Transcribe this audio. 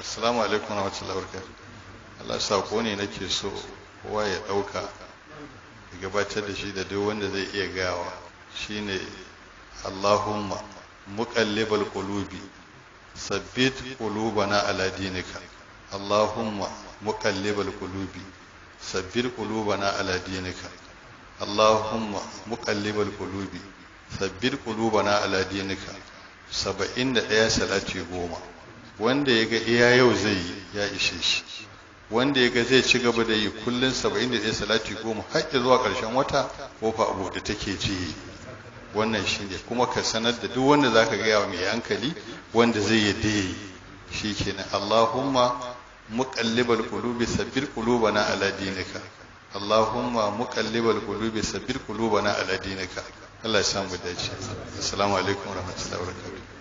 assalamu alaikum wa rahmatullahi wa Allah sako ne nake so kowa ya dauka ya gabatar da shi da duk wanda zai iya gawa shine Allahumma muqallibal qulubi sabbit qulubana ala dinika Allahumma muqallibal qulubi sabbit qulubana ala dinika Allahumma muqallibal qulubi sabbit qulubana ala dinika 71 salati goma wanda ya ga iya yau zai yi ya ishe shi wanda ya ga zai ci gaba da yi kullum 71 salati goma haƙƙi zuwa ƙarshen wata kofa abu da take ji wannan shi ne kuma ka sanar da duk wanda za ka gaya wa mai hankali wanda zai yi da yi shi kenan allahumma muqallibal qulubi sabbir qulubana ala dinika allahumma muqallibal qulubi sabbir qulubana ala dinika Allah ya samu dace assalamu alaikum warahmatullahi wabarakatuh